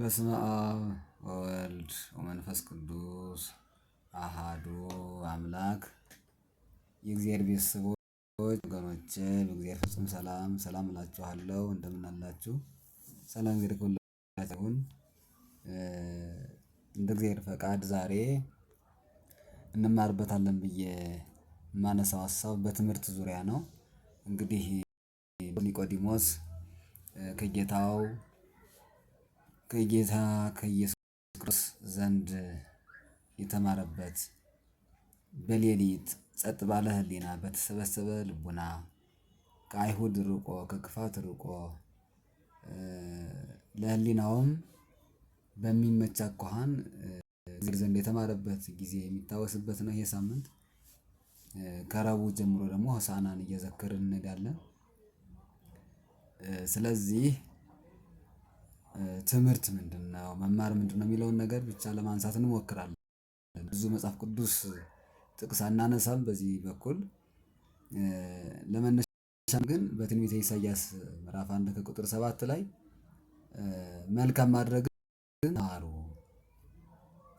በስመ አብ ወወልድ ወመንፈስ ቅዱስ አሃዱ አምላክ። የእግዚአብሔር ቤተሰቦች ወገኖቼ በእግዚአብሔር ፍጹም ሰላም ሰላም እላችኋለሁ። እንደምን አላችሁ? ሰላም እግዚአብሔር እንደ እግዚአብሔር ፈቃድ ዛሬ እንማርበታለን ብዬ የማነሳው ሀሳብ በትምህርት ዙሪያ ነው። እንግዲህ ኒቆዲሞስ ከጌታው ከጌታ ከኢየሱስ ክርስቶስ ዘንድ የተማረበት በሌሊት ጸጥ ባለ ሕሊና በተሰበሰበ ልቡና ከአይሁድ ርቆ ከክፋት ርቆ ለሕሊናውም በሚመቻ አኳኋን እግዜር ዘንድ የተማረበት ጊዜ የሚታወስበት ነው። ይሄ ሳምንት ከረቡዕ ጀምሮ ደግሞ ሆሳናን እየዘከርን እንሄዳለን። ስለዚህ ትምህርት ምንድን ነው መማር ምንድን ነው የሚለውን ነገር ብቻ ለማንሳት እንሞክራለን። ብዙ መጽሐፍ ቅዱስ ጥቅስ አናነሳም በዚህ በኩል። ለመነሻም ግን በትንቢተ ኢሳያስ ምዕራፍ አንድ ከቁጥር ሰባት ላይ መልካም ማድረግን ተማሩ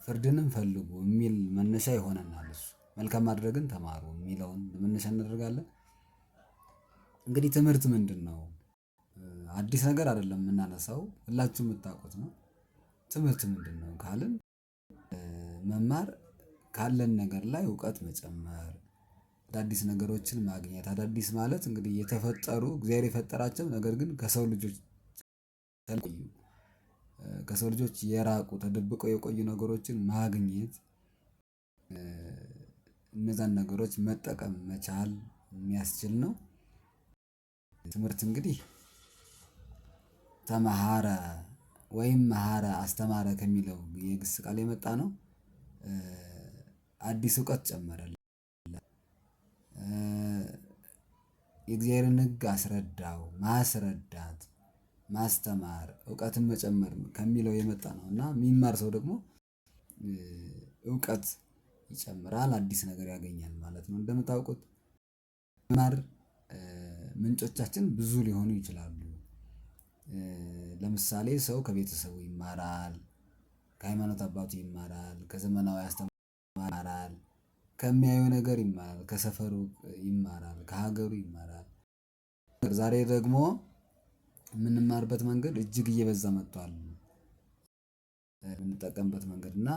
ፍርድንም ፈልጉ የሚል መነሻ ይሆነናል። እሱ መልካም ማድረግን ተማሩ የሚለውን መነሻ እናደርጋለን። እንግዲህ ትምህርት ምንድን ነው? አዲስ ነገር አይደለም የምናነሳው ሁላችሁ የምታውቁት ነው። ትምህርት ምንድነው ካልን መማር ካለን ነገር ላይ እውቀት መጨመር አዳዲስ ነገሮችን ማግኘት አዳዲስ ማለት እንግዲህ የተፈጠሩ እግዚአብሔር የፈጠራቸው ነገር ግን ከሰው ልጆች ከሰው ልጆች የራቁ ተደብቀው የቆዩ ነገሮችን ማግኘት እነዛን ነገሮች መጠቀም መቻል የሚያስችል ነው። ትምህርት እንግዲህ ተመሃረ ወይም መሃረ አስተማረ ከሚለው የግስ ቃል የመጣ ነው። አዲስ እውቀት ጨመረለት። የእግዚአብሔርን ሕግ አስረዳው ማስረዳት ማስተማር እውቀትን መጨመር ከሚለው የመጣ ነው እና የሚማር ሰው ደግሞ እውቀት ይጨምራል፣ አዲስ ነገር ያገኛል ማለት ነው። እንደምታውቁት መማር ምንጮቻችን ብዙ ሊሆኑ ይችላሉ። ለምሳሌ ሰው ከቤተሰቡ ይማራል ከሃይማኖት አባቱ ይማራል ከዘመናዊ አስተማሪ ይማራል ከሚያየው ነገር ይማራል ከሰፈሩ ይማራል ከሀገሩ ይማራል። ዛሬ ደግሞ የምንማርበት መንገድ እጅግ እየበዛ መጥቷል። የምንጠቀምበት መንገድ እና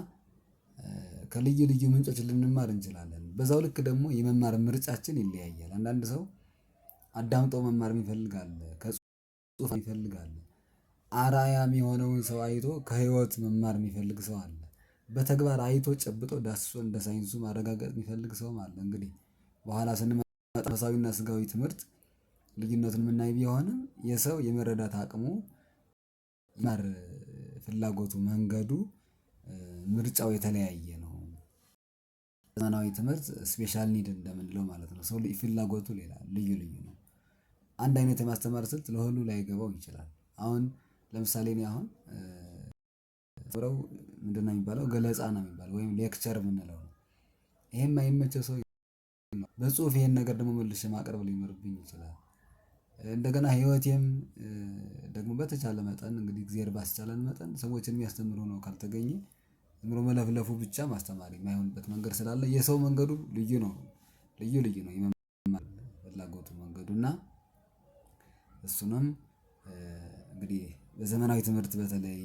ከልዩ ልዩ ምንጮች ልንማር እንችላለን በዛው ልክ ደግሞ የመማር ምርጫችን ይለያያል። አንዳንድ ሰው አዳምጦ መማር የሚፈልጋለ። ይፈልጋል አራያም የሆነውን ሰው አይቶ ከህይወት መማር የሚፈልግ ሰው አለ። በተግባር አይቶ ጨብጦ ዳስሶ እንደ ሳይንሱ ማረጋገጥ የሚፈልግ ሰውም አለ። እንግዲህ በኋላ ስንመጣ መንፈሳዊና ስጋዊ ትምህርት ልዩነቱን የምናይ ቢሆንም የሰው የመረዳት አቅሙ ማር ፍላጎቱ መንገዱ ምርጫው የተለያየ ነው። ዘመናዊ ትምህርት ስፔሻል ኒድ እንደምንለው ማለት ነው። ሰው ፍላጎቱ ሌላ ልዩ ልዩ አንድ አይነት የማስተማር ስልት ለሁሉ ላይገባው ይችላል። አሁን ለምሳሌ እኔ አሁን ብረው ምንድን ነው የሚባለው ገለጻ ነው የሚባለው ወይም ሌክቸር የምንለው ነው። ይሄም አይመቸው ሰው በጽሁፍ ይሄን ነገር ደግሞ መልሼ ማቅረብ ሊኖርብኝ ይችላል። እንደገና ህይወቴም ደግሞ በተቻለ መጠን እንግዲህ እግዚአብሔር ባስቻለን መጠን ሰዎችን የሚያስተምሩ ነው ካልተገኘ ምሮ መለፍለፉ ብቻ ማስተማር የማይሆንበት መንገድ ስላለ የሰው መንገዱ ልዩ ነው። ልዩ ልዩ ነው የመማር ፍላጎቱ መንገዱ እና እሱንም እንግዲህ በዘመናዊ ትምህርት በተለይ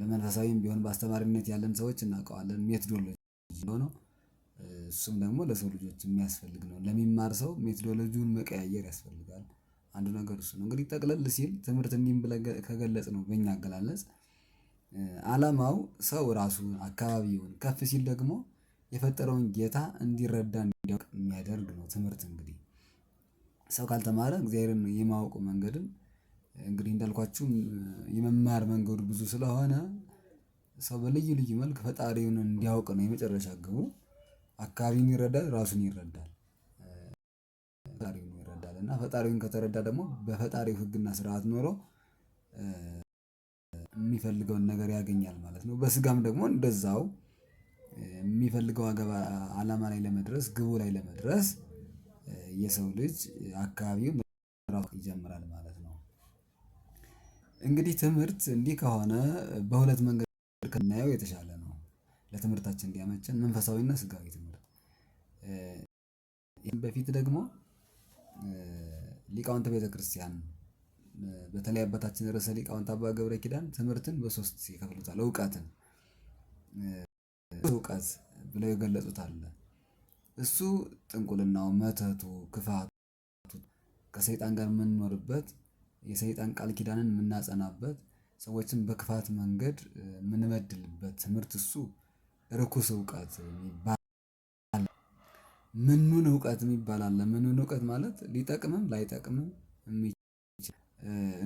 በመንፈሳዊም ቢሆን በአስተማሪነት ያለን ሰዎች እናውቀዋለን ሜቶዶሎጂ ነው። እሱም ደግሞ ለሰው ልጆች የሚያስፈልግ ነው። ለሚማር ሰው ሜቶዶሎጂውን መቀያየር ያስፈልጋል። አንዱ ነገር እሱ ነው። እንግዲህ ጠቅለል ሲል ትምህርት እንዲህም ብለን ከገለጽ ነው በእኛ አገላለጽ አላማው ሰው ራሱን አካባቢውን ከፍ ሲል ደግሞ የፈጠረውን ጌታ እንዲረዳ እንዲያውቅ የሚያደርግ ነው። ትምህርት እንግዲህ ሰው ካልተማረ እግዚአብሔርን የማወቁ መንገድም እንግዲህ እንዳልኳችሁም የመማር መንገዱ ብዙ ስለሆነ ሰው በልዩ ልዩ መልክ ፈጣሪውን እንዲያውቅ ነው የመጨረሻ ግቡ። አካባቢን ይረዳል፣ ራሱን ይረዳል፣ ፈጣሪውን ይረዳል እና ፈጣሪውን ከተረዳ ደግሞ በፈጣሪው ሕግና ስርዓት ኖሮ የሚፈልገውን ነገር ያገኛል ማለት ነው። በስጋም ደግሞ እንደዛው የሚፈልገው አላማ ላይ ለመድረስ ግቡ ላይ ለመድረስ የሰው ልጅ አካባቢው ይጀምራል ማለት ነው። እንግዲህ ትምህርት እንዲህ ከሆነ በሁለት መንገድ ከናየው የተሻለ ነው ለትምህርታችን እንዲያመቸን መንፈሳዊና ስጋዊ ትምህርት። ይሄን በፊት ደግሞ ሊቃውንተ ቤተክርስቲያን በተለይ አባታችን ርዕሰ ሊቃውንት አባ ገብረ ኪዳን ትምህርትን በሶስት ይከፍሉታል። እውቀትን እውቀት ብለው የገለጹት አለ እሱ ጥንቁልናው፣ መተቱ፣ ክፋቱ ከሰይጣን ጋር የምንኖርበት የሰይጣን ቃል ኪዳንን የምናጸናበት ሰዎችን በክፋት መንገድ የምንበድልበት ትምህርት እሱ ርኩስ እውቀት የሚባል ምኑን እውቀት የሚባል አለ። ምኑን እውቀት ማለት ሊጠቅምም ላይጠቅምም የሚችል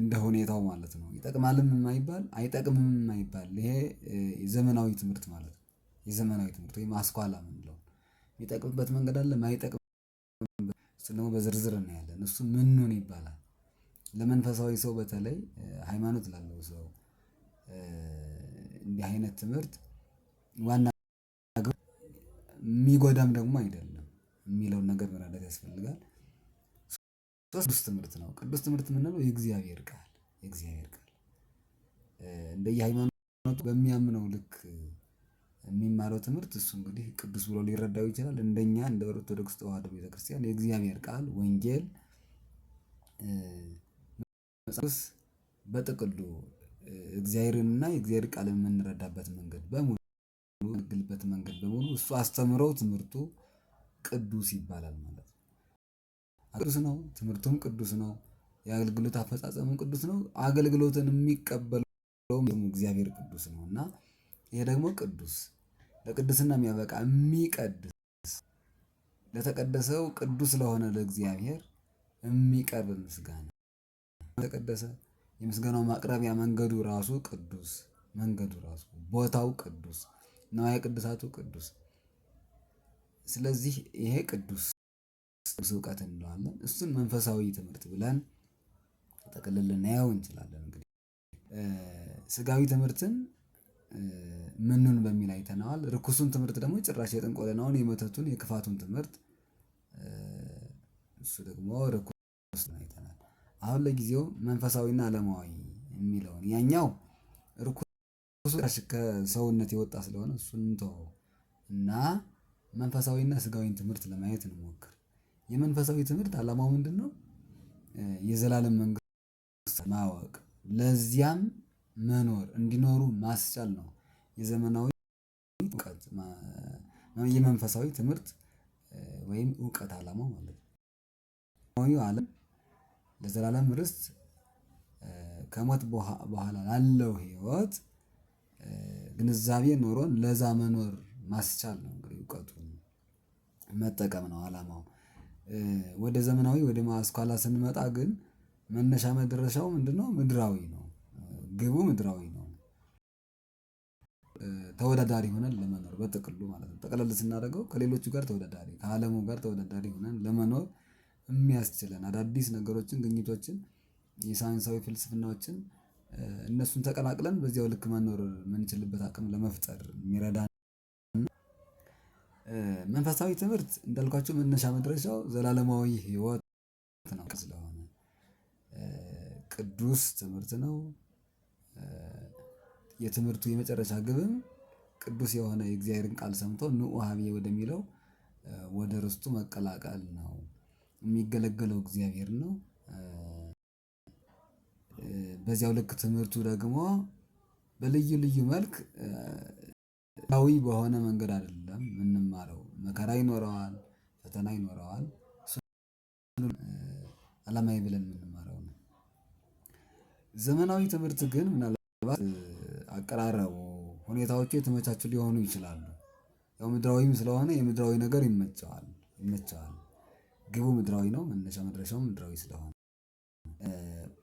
እንደ ሁኔታው ማለት ነው። ይጠቅማልም የማይባል አይጠቅምም የማይባል ይሄ የዘመናዊ ትምህርት ማለት ነው። የዘመናዊ ትምህርት ወይም አስኳላ ምንለው የሚጠቅምበት መንገድ አለ፣ ማይጠቅምበት ደግሞ በዝርዝር እናያለን። እሱ ምኑን ይባላል። ለመንፈሳዊ ሰው በተለይ ሃይማኖት ላለው ሰው እንዲህ አይነት ትምህርት ዋና የሚጎዳም ደግሞ አይደለም የሚለውን ነገር መረዳት ያስፈልጋል። ቅዱስ ትምህርት ነው። ቅዱስ ትምህርት የምንለው የእግዚአብሔር ቃል የእግዚአብሔር ቃል እንደየ ሃይማኖቱ በሚያምነው ልክ የሚማረው ትምህርት እሱ እንግዲህ ቅዱስ ብሎ ሊረዳው ይችላል። እንደኛ እንደ ኦርቶዶክስ ተዋህዶ ቤተክርስቲያን የእግዚአብሔር ቃል ወንጌል መጽሐፍ በጥቅሉ እግዚአብሔርንና የእግዚአብሔር ቃል የምንረዳበት መንገድ በሙሉ ግልበት መንገድ በሙሉ እሱ አስተምረው ትምህርቱ ቅዱስ ይባላል ማለት ነው። ቅዱስ ነው፣ ትምህርቱም ቅዱስ ነው፣ የአገልግሎት አፈጻጸሙ ቅዱስ ነው። አገልግሎትን የሚቀበለውም እግዚአብሔር ቅዱስ ነው እና ይሄ ደግሞ ቅዱስ ለቅድስና የሚያበቃ የሚቀድስ ለተቀደሰው ቅዱስ ለሆነ ለእግዚአብሔር የሚቀርብ ምስጋና ተቀደሰ። የምስጋናው ማቅረቢያ መንገዱ ራሱ ቅዱስ፣ መንገዱ ራሱ ቦታው ቅዱስ፣ ነዋየ ቅድሳቱ ቅዱስ። ስለዚህ ይሄ ቅዱስ እውቀት እንለዋለን። እሱን መንፈሳዊ ትምህርት ብለን ጠቅልል ልናየው እንችላለን። እንግዲህ ስጋዊ ትምህርትን ምኑን በሚል አይተነዋል። ርኩሱን ትምህርት ደግሞ ጭራሽ የጥንቆለናውን የመተቱን የክፋቱን ትምህርት እሱ ደግሞ ርኩስ አይተናል። አሁን ለጊዜው መንፈሳዊና ዓለማዊ የሚለውን ያኛው ርኩስ ከሰውነት የወጣ ስለሆነ እሱን እንተወው እና መንፈሳዊና ስጋዊን ትምህርት ለማየት እንሞክር። የመንፈሳዊ ትምህርት ዓላማው ምንድን ነው? የዘላለም መንግስት ማወቅ ለዚያም መኖር እንዲኖሩ ማስቻል ነው። የዘመናዊ እውቀት የመንፈሳዊ ትምህርት ወይም እውቀት አላማ ማለት ነው። አለም ለዘላለም ርስት ከሞት በኋላ ላለው ህይወት ግንዛቤ ኖሮን ለዛ መኖር ማስቻል ነው። እንግዲህ እውቀቱን መጠቀም ነው አላማው። ወደ ዘመናዊ ወደ ማስኳላ ስንመጣ ግን መነሻ መድረሻው ምንድነው? ምድራዊ ነው ግቡ ምድራዊ ነው። ተወዳዳሪ ሆነን ለመኖር በጥቅሉ ማለት ነው። ጠቅለል ስናደርገው ከሌሎቹ ጋር ተወዳዳሪ ከአለሙ ጋር ተወዳዳሪ ሆነን ለመኖር የሚያስችለን አዳዲስ ነገሮችን ግኝቶችን የሳይንሳዊ ፍልስፍናዎችን እነሱን ተቀላቅለን በዚያው ልክ መኖር የምንችልበት አቅም ለመፍጠር የሚረዳ መንፈሳዊ ትምህርት እንዳልኳችሁ መነሻ መድረሻው ዘላለማዊ ህይወት ነው ስለሆነ ቅዱስ ትምህርት ነው። የትምህርቱ የመጨረሻ ግብም ቅዱስ የሆነ የእግዚአብሔርን ቃል ሰምቶ ንዑ ሀቤ ወደሚለው ወደ ርስቱ መቀላቀል ነው። የሚገለገለው እግዚአብሔር ነው። በዚያው ልክ ትምህርቱ ደግሞ በልዩ ልዩ መልክ ዊ በሆነ መንገድ አይደለም የምንማረው። መከራ ይኖረዋል፣ ፈተና ይኖረዋል። አላማዊ ብለን የምንማረው ነው። ዘመናዊ ትምህርት ግን ምናልባት አቀራረቡ ሁኔታዎቹ የተመቻቹ ሊሆኑ ይችላሉ። ያው ምድራዊም ስለሆነ የምድራዊ ነገር ይመቸዋል ይመቸዋል ግቡ ምድራዊ ነው መነሻ መድረሻው ምድራዊ ስለሆነ።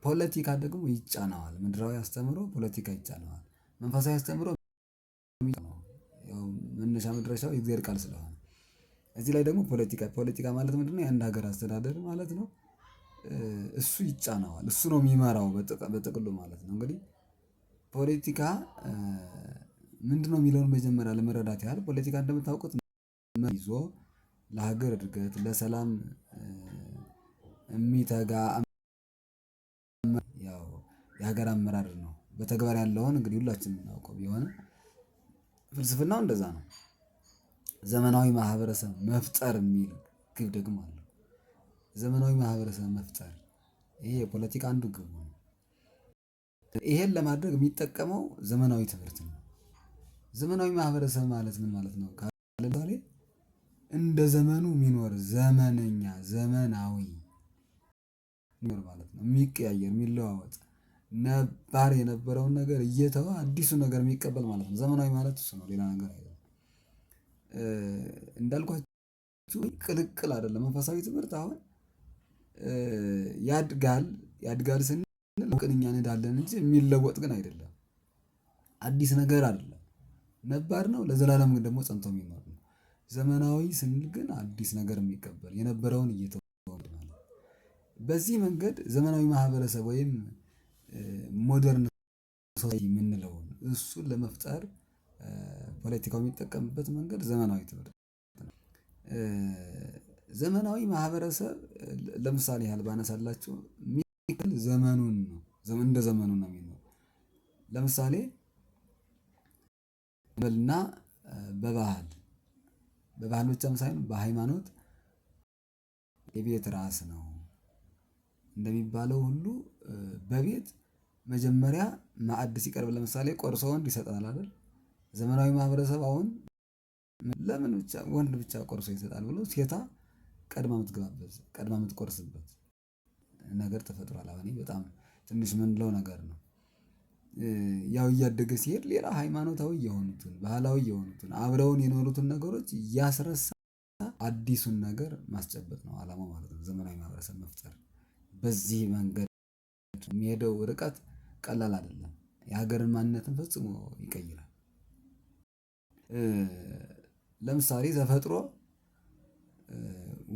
ፖለቲካ ደግሞ ይጫነዋል ምድራዊ አስተምሮ ፖለቲካ ይጫነዋል መንፈሳዊ አስተምሮ መነሻ መድረሻው የእግዚአብሔር ቃል ስለሆነ እዚህ ላይ ደግሞ ፖለቲካ ፖለቲካ ማለት ምንድነው? የአንድ ሀገር አስተዳደር ማለት ነው። እሱ ይጫነዋል እሱ ነው የሚመራው በጥቅሉ ማለት ነው እንግዲህ ፖለቲካ ምንድነው የሚለውን መጀመሪያ ለመረዳት ያህል ፖለቲካ እንደምታውቁት ይዞ ለሀገር እድገት ለሰላም የሚተጋ ያው የሀገር አመራር ነው። በተግባር ያለውን እንግዲህ ሁላችን የምናውቀው ቢሆን ፍልስፍናው እንደዛ ነው። ዘመናዊ ማህበረሰብ መፍጠር የሚል ግብ ደግሞ አለው። ዘመናዊ ማህበረሰብ መፍጠር ይሄ የፖለቲካ አንዱ ግብ ነው። ይሄን ለማድረግ የሚጠቀመው ዘመናዊ ትምህርት ነው። ዘመናዊ ማህበረሰብ ማለት ምን ማለት ነው? ለምሳሌ እንደ ዘመኑ የሚኖር ዘመነኛ፣ ዘመናዊ የሚኖር ማለት ነው። የሚቀያየር፣ የሚለዋወጥ ነባር የነበረውን ነገር እየተወ አዲሱ ነገር የሚቀበል ማለት ነው። ዘመናዊ ማለት እሱ ነው፣ ሌላ ነገር አይደለም። እንዳልኳችሁ ቅልቅል አይደለም። መንፈሳዊ ትምህርት አሁን ያድጋል ያድጋል ስን ለውጥን እኛ እንጂ የሚለወጥ ግን አይደለም። አዲስ ነገር አይደለም። ነባር ነው ለዘላለም ግን ደግሞ ጸንቶ የሚኖር ነው። ዘመናዊ ስንል ግን አዲስ ነገር የሚቀበል የነበረውን እየተወ በዚህ መንገድ ዘመናዊ ማህበረሰብ ወይም ሞደርን የምንለውን እሱን ለመፍጠር ፖለቲካው የሚጠቀምበት መንገድ ዘመናዊ ትምህርት ነው። ዘመናዊ ማህበረሰብ ለምሳሌ ያህል ባነሳላቸው ዘመኑን ነው ዘመን እንደ ዘመኑ ነው የሚለው። ለምሳሌ በልና በባህል በባህል ብቻም ሳይሆን በሃይማኖት የቤት ራስ ነው እንደሚባለው ሁሉ በቤት መጀመሪያ ማዕድ ሲቀርብ ለምሳሌ ቆርሶ ወንድ ይሰጣል አይደል? ዘመናዊ ማህበረሰብ አሁን ለምን ብቻ ወንድ ብቻ ቆርሶ ይሰጣል ብሎ ሴታ ቀድማ የምትገባበት ቀድማ የምትቆርስበት ነገር ተፈጥሯል። አሁን በጣም ትንሽ ምንለው ነገር ነው። ያው እያደገ ሲሄድ ሌላ ሃይማኖታዊ የሆኑትን ባህላዊ የሆኑትን አብረውን የኖሩትን ነገሮች እያስረሳ አዲሱን ነገር ማስጨበጥ ነው አላማው ማለት ነው። ዘመናዊ ማህበረሰብ መፍጠር በዚህ መንገድ የሚሄደው ርቀት ቀላል አይደለም። የሀገርን ማንነትን ፈጽሞ ይቀይራል። ለምሳሌ ተፈጥሮ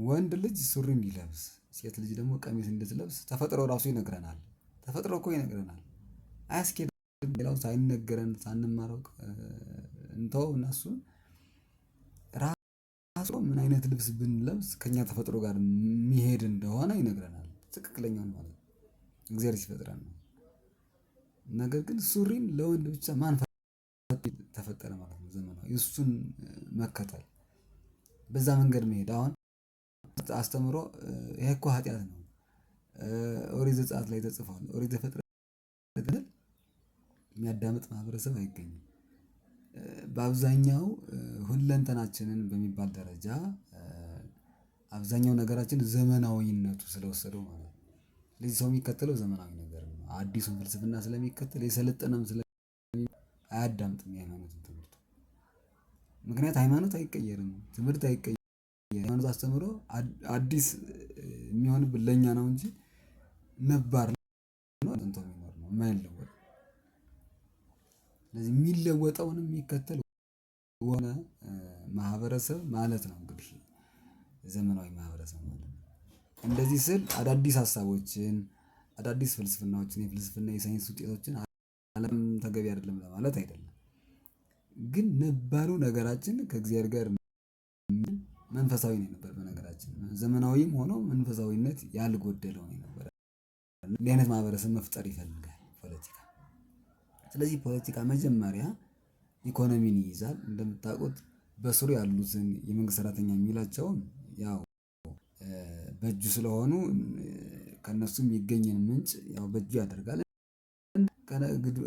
ወንድ ልጅ ሱሪ እንዲለብስ ሴት ልጅ ደግሞ ቀሚስ እንድትለብስ ተፈጥሮ ራሱ ይነግረናል። ተፈጥሮ እኮ ይነግረናል። አያስኬድም። ሌላው ሳይነገረን ሳንማረቅ እንተው እና ራሱ ምን አይነት ልብስ ብንለብስ ከኛ ተፈጥሮ ጋር የሚሄድ እንደሆነ ይነግረናል። ትክክለኛውን ማለት ነው እግዚአብሔር ሲፈጥረን ነው። ነገር ግን ሱሪን ለወንድ ብቻ ማን ተፈጠረ ማለት ነው። ዘመናዊ እሱን መከተል በዛ መንገድ መሄድ አሁን አስተምሮ ይሄ እኮ ኃጢአት ነው፣ ኦሪት ዘጸአት ላይ ተጽፏል፣ ኦሪት ዘፍጥረት ግን የሚያዳምጥ ማህበረሰብ አይገኝም። በአብዛኛው ሁለንተናችንን በሚባል ደረጃ አብዛኛው ነገራችን ዘመናዊነቱ ስለወሰደው ማለት ነው። ስለዚህ ሰው የሚከተለው ዘመናዊ ነገር ነው። አዲሱን ፍልስፍና ስለሚከተል የሰለጠነም ስለ አያዳምጥም የሃይማኖትን ትምህርት። ምክንያት ሃይማኖት አይቀየርም፣ ትምህርት አይቀየርም። የሃይማኖት አስተምሮ አዲስ የሚሆንብን ለእኛ ነው እንጂ ነባር ነው የሚኖር ነው የማይለወጥ። ስለዚህ የሚለወጠውን የሚከተል ሆነ ማህበረሰብ ማለት ነው እንግዲህ ዘመናዊ ማህበረሰብ ማለት ነው። እንደዚህ ስል አዳዲስ ሀሳቦችን አዳዲስ ፍልስፍናዎችን የፍልስፍና የሳይንስ ውጤቶችን አለም ተገቢ አይደለም ለማለት አይደለም። ግን ነባሩ ነገራችን ከእግዚአብሔር ጋር መንፈሳዊ ነው የነበር። በነገራችን ዘመናዊም ሆኖ መንፈሳዊነት ያልጎደለው ነው የነበረ። እንዲህ አይነት ማህበረሰብ መፍጠር ይፈልጋል ፖለቲካ። ስለዚህ ፖለቲካ መጀመሪያ ኢኮኖሚን ይይዛል። እንደምታውቁት በስሩ ያሉትን የመንግስት ሰራተኛ የሚላቸውን ያው በእጁ ስለሆኑ ከእነሱ የሚገኝን ምንጭ ያው በእጁ ያደርጋል።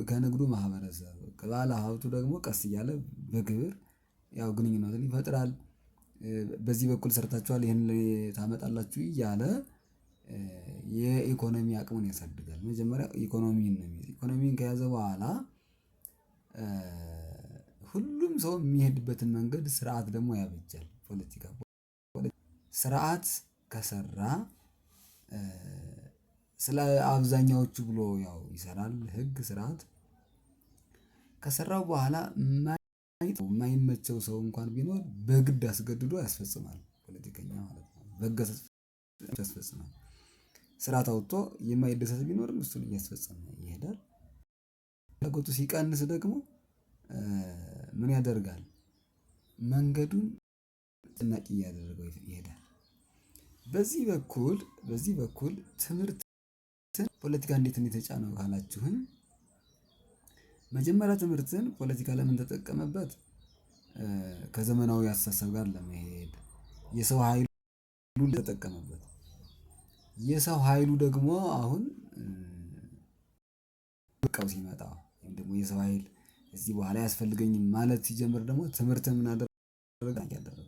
ከንግዱ ማህበረሰብ ከባለ ሀብቱ ደግሞ ቀስ እያለ በግብር ያው ግንኙነትን ይፈጥራል። በዚህ በኩል ሰርታችኋል ይህን ታመጣላችሁ እያለ የኢኮኖሚ አቅሙን ያሳድጋል። መጀመሪያ ኢኮኖሚን ነው የሚይዝ። ኢኮኖሚን ከያዘ በኋላ ሁሉም ሰው የሚሄድበትን መንገድ ስርዓት ደግሞ ያበጃል። ፖለቲካ ስርዓት ከሰራ ስለ አብዛኛዎቹ ብሎ ያው ይሰራል። ህግ ስርዓት ከሰራው በኋላ የማይመቸው ሰው እንኳን ቢኖር በግድ አስገድዶ ያስፈጽማል። ፖለቲከኛ ማለት ነው። በገሰጽ ያስፈጽማል። ስርዓት አውጥቶ የማይደሰት ቢኖር እሱን እያስፈጸመ ይሄዳል። ፍላጎቱ ሲቀንስ ደግሞ ምን ያደርጋል? መንገዱን ጥናቂ እያደረገው ይሄዳል። በዚህ በኩል በዚህ በኩል ትምህርት ፖለቲካ እንዴት ነው የተጫነው ካላችሁኝ መጀመሪያ ትምህርትን ፖለቲካ ለምን ተጠቀመበት? ከዘመናዊ አስተሳሰብ ጋር ለመሄድ የሰው ኃይሉ ተጠቀመበት። የሰው ኃይሉ ደግሞ አሁን በቃው ሲመጣ ወይም ደግሞ የሰው ኃይል እዚህ በኋላ ያስፈልገኝም ማለት ሲጀምር ደግሞ ትምህርት ምን አደረገ?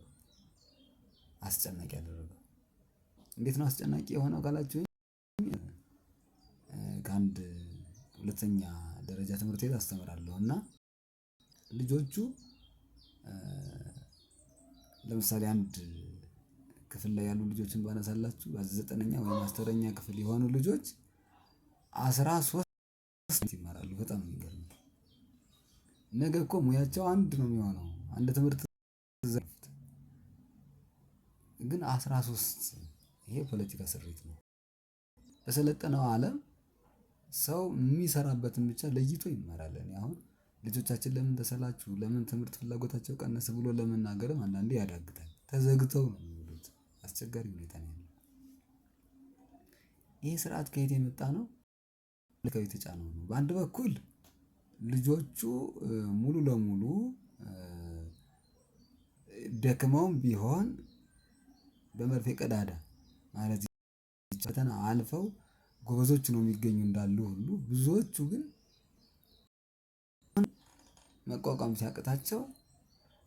አስጨናቂ አደረገ። እንዴት ነው አስጨናቂ የሆነው ካላችሁ ከአንድ ሁለተኛ ደረጃ ትምህርት ቤት አስተምራለሁ እና ልጆቹ ለምሳሌ አንድ ክፍል ላይ ያሉ ልጆችን ባነሳላችሁ ዘጠነኛ ወይም አስተረኛ ክፍል የሆኑ ልጆች አስራ ሶስት ይማራሉ። በጣም የሚገርም ነገ እኮ ሙያቸው አንድ ነው የሚሆነው አንድ ትምህርት ግን አስራ ሶስት ይሄ ፖለቲካ ስሪት ነው በሰለጠነው ዓለም ሰው የሚሰራበትን ብቻ ለይቶ ይማራል። እኔ አሁን ልጆቻችን ለምን ተሰላችሁ ለምን ትምህርት ፍላጎታቸው ቀነስ ብሎ ለመናገርም አንዳንዴ ያዳግታል ተዘግተው ነው የሚውሉት አስቸጋሪ ሁኔታ ነው ያለው። ይሄ ስርዓት ከየት የመጣ ነው? የተጫነው ነው። በአንድ በኩል ልጆቹ ሙሉ ለሙሉ ደክመውም ቢሆን በመርፌ ቀዳዳ ማለት ፈተና አልፈው ጎበዞች ነው የሚገኙ እንዳሉ ሁሉ ብዙዎቹ ግን መቋቋም ሲያቅታቸው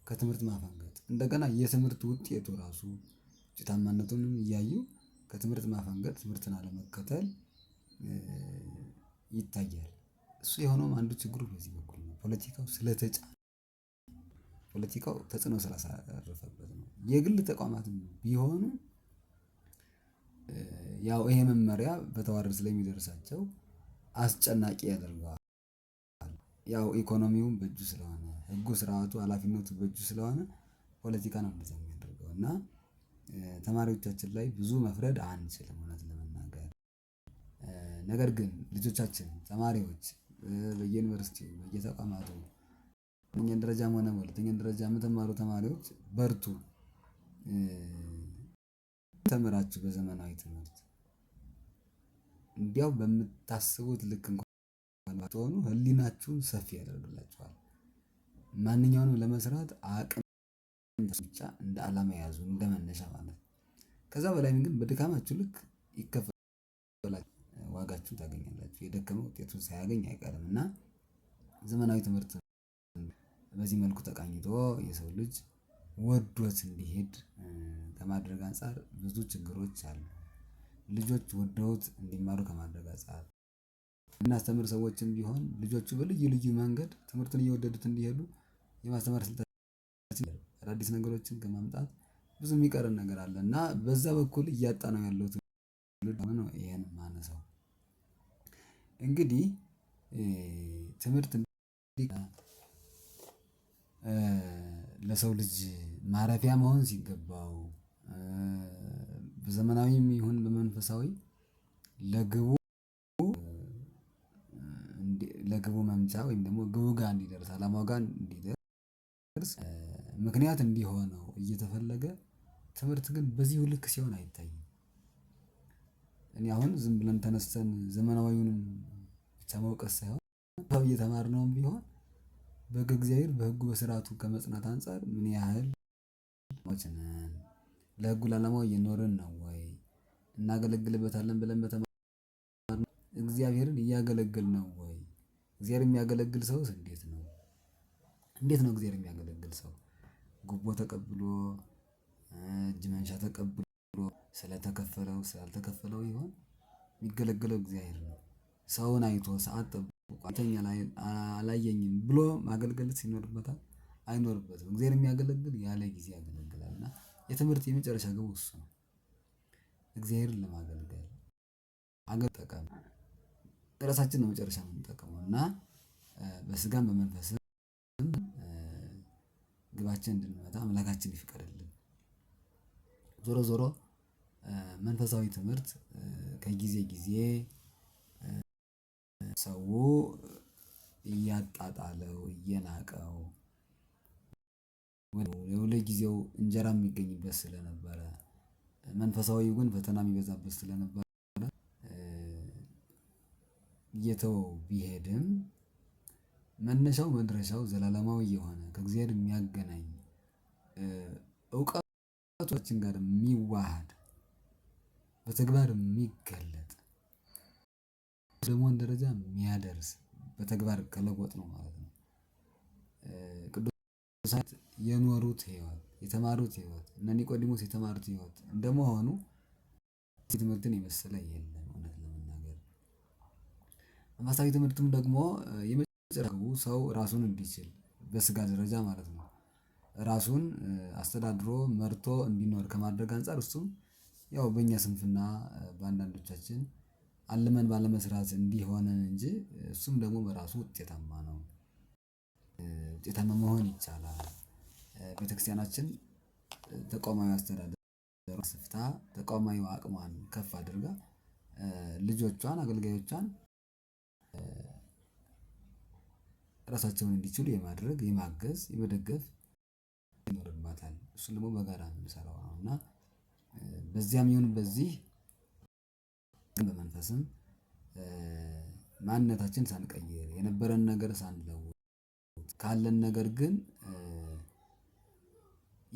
ከትምህርት ማፈንገጥ እንደገና የትምህርት ውጤቱ ራሱ ውጤታማነቱንም እያዩ ከትምህርት ማፈንገጥ ትምህርትን አለመከተል ይታያል። እሱ የሆነውም አንዱ ችግሩ በዚህ በኩል ነው። ፖለቲካው ስለተጫ ፖለቲካው ተጽዕኖ ስላሳረፈበት ነው። የግል ተቋማትም ቢሆኑ ያው ይሄ መመሪያ በተዋረድ ስለሚደርሳቸው አስጨናቂ ያደርገዋል። ያው ኢኮኖሚውም በእጁ ስለሆነ ህጉ፣ ስርዓቱ፣ ኃላፊነቱ በእጁ ስለሆነ ፖለቲካ ነው እንደዛ የሚያደርገው እና ተማሪዎቻችን ላይ ብዙ መፍረድ አንችልም እውነት ለመናገር ነገር ግን ልጆቻችን ተማሪዎች በየዩኒቨርሲቲ በየተቋማቱ አንደኛ ደረጃም ሆነ ሁለተኛ ደረጃ የምትማሩ ተማሪዎች በርቱ። ተምራችሁ በዘመናዊ ትምህርት እንዲያው በምታስቡት ልክ እንኳን ባትሆኑ ህሊናችሁን ሰፊ ያደርግላችኋል። ማንኛውንም ለመስራት አቅም ብቻ እንደ አላማ የያዙ እንደ መነሻ ማለት ከዛ በላይ ግን በድካማችሁ ልክ ይከፈላል፣ ዋጋችሁን ታገኛላችሁ። የደከመ ውጤቱን ሳያገኝ አይቀርም እና ዘመናዊ ትምህርት በዚህ መልኩ ተቃኝቶ የሰው ልጅ ወዶት እንዲሄድ ከማድረግ አንጻር ብዙ ችግሮች አሉ። ልጆች ወደውት እንዲማሩ ከማድረግ አንጻር እናስተምር ሰዎችም ቢሆን ልጆቹ በልዩ ልዩ መንገድ ትምህርትን እየወደዱት እንዲሄዱ የማስተማር ስልታችን አዳዲስ ነገሮችን ከማምጣት ብዙ የሚቀረን ነገር አለ እና በዛ በኩል እያጣ ነው ትውልድ ነው ይሄን ማነሳው። እንግዲህ ትምህርት ለሰው ልጅ ማረፊያ መሆን ሲገባው በዘመናዊም ይሁን በመንፈሳዊ ለግቡ ለግቡ መምጫ ወይም ደግሞ ግቡ ጋር እንዲደርስ ዓላማው ጋር እንዲደርስ ምክንያት እንዲሆነው እየተፈለገ ትምህርት ግን በዚሁ ልክ ሲሆን አይታይም። እኔ አሁን ዝም ብለን ተነስተን ዘመናዊውንም ብቻ መውቀስ ሳይሆን እየተማርነውም ቢሆን በህግ እግዚአብሔር በህጉ በስርዓቱ ከመጽናት አንፃር ምን ያህል ነን ለህጉ ለዓላማው እየኖርን ነው ወይ እናገለግልበታለን ብለን በተማር እግዚአብሔርን እያገለግል ነው ወይ እግዚአብሔር የሚያገለግል ሰውስ እንዴት ነው? እንዴት ነው እግዚአብሔር የሚያገለግል ሰው ጉቦ ተቀብሎ እጅ መንሻ ተቀብሎ ስለተከፈለው ስላልተከፈለው ይሆን የሚገለገለው እግዚአብሔር ነው ሰውን አይቶ ሰዓት ጠብቆ ይተኛል አላየኝም ብሎ ማገልገል ይኖርበታል አይኖርበትም። እግዚአብሔር የሚያገለግል ያለ ጊዜ ያገለግላል። እና የትምህርት የመጨረሻ ግቡ እሱ ነው፣ እግዚአብሔርን ለማገልገል አገር ጠቀም ራሳችን ነው መጨረሻ የምንጠቀመው እና በስጋም በመንፈስም ግባችን እንድንመጣ አምላካችን ይፍቀድልን። ዞሮ ዞሮ መንፈሳዊ ትምህርት ከጊዜ ጊዜ ሰው እያጣጣለው እየናቀው ጊዜው እንጀራ የሚገኝበት ስለነበረ መንፈሳዊ ግን ፈተና የሚበዛበት ስለነበረ እየተወው ቢሄድም መነሻው መድረሻው ዘላለማዊ የሆነ ከእግዚአብሔር የሚያገናኝ እውቀቶችን ጋር የሚዋሃድ በተግባር የሚገለጥ ደግሞን ደረጃ የሚያደርስ በተግባር ከለወጥ ነው ማለት ነው። ቅዱሳት የኖሩት ህይወት የተማሩት ህይወት እነ ኒቆዲሞስ የተማሩት ህይወት እንደመሆኑ ትምህርትን የመሰለ የለም እውነት ለመናገር መንፈሳዊ ትምህርትም ደግሞ የመጨረሻው ሰው ራሱን እንዲችል በስጋ ደረጃ ማለት ነው። ራሱን አስተዳድሮ መርቶ እንዲኖር ከማድረግ አንጻር እሱም ያው በእኛ ስንፍና በአንዳንዶቻችን አልመን ባለመስራት እንዲሆን እንጂ እሱም ደግሞ በራሱ ውጤታማ ነው። ውጤታማ መሆን ይቻላል። ቤተክርስቲያናችን ተቋማዊ አስተዳደር ስፍታ ተቋማዊ አቅሟን ከፍ አድርጋ ልጆቿን አገልጋዮቿን ራሳቸውን እንዲችሉ የማድረግ የማገዝ የመደገፍ ይኖርባታል። እሱን ደግሞ በጋራ የምንሰራው ነው እና በዚያም ይሁን በዚህ በመንፈስም ማንነታችን ሳንቀይር የነበረን ነገር ሳንለውጥ ካለን ነገር ግን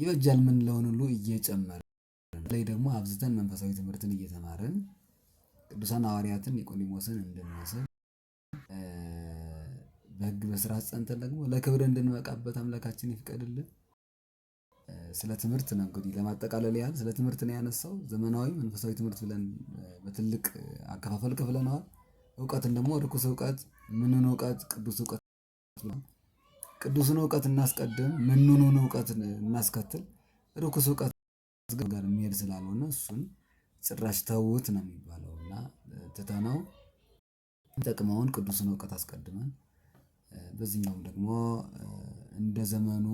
ይበጃል የምንለውን ሁሉ እየጨመርን ላይ ደግሞ አብዝተን መንፈሳዊ ትምህርትን እየተማርን ቅዱሳን ሐዋርያትን ኒቆዲሞስን እንድንመስል በሕግ በስራ ጸንተን ደግሞ ለክብር እንድንበቃበት አምላካችን ይፍቀድልን። ስለ ትምህርት ነው እንግዲህ ለማጠቃለል ያህል ስለ ትምህርት ነው ያነሳው። ዘመናዊ መንፈሳዊ ትምህርት ብለን በትልቅ አከፋፈል ከፍለነዋል። እውቀትን ደግሞ ርኩስ እውቀት፣ ምኑን እውቀት፣ ቅዱስ እውቀት። ቅዱስን እውቀት እናስቀድም፣ ምኑን እውቀት እናስከትል። ርኩስ እውቀት ጋር የሚሄድ ስላልሆነ እሱን ጭራሽ ተውት ነው የሚባለው እና ትተነው የሚጠቅመውን ቅዱስን እውቀት አስቀድመን በዚህኛውም ደግሞ እንደ ዘመኑ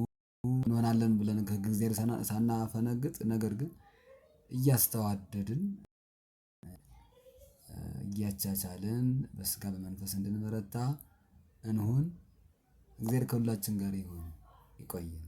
እንሆናለን ብለን ከእግዚአብሔር ሳናፈነግጥ ነገር ግን እያስተዋደድን እያቻቻልን በስጋ በመንፈስ እንድንበረታ እንሁን። እግዚአብሔር ከሁላችን ጋር ይሁን። ይቆየን።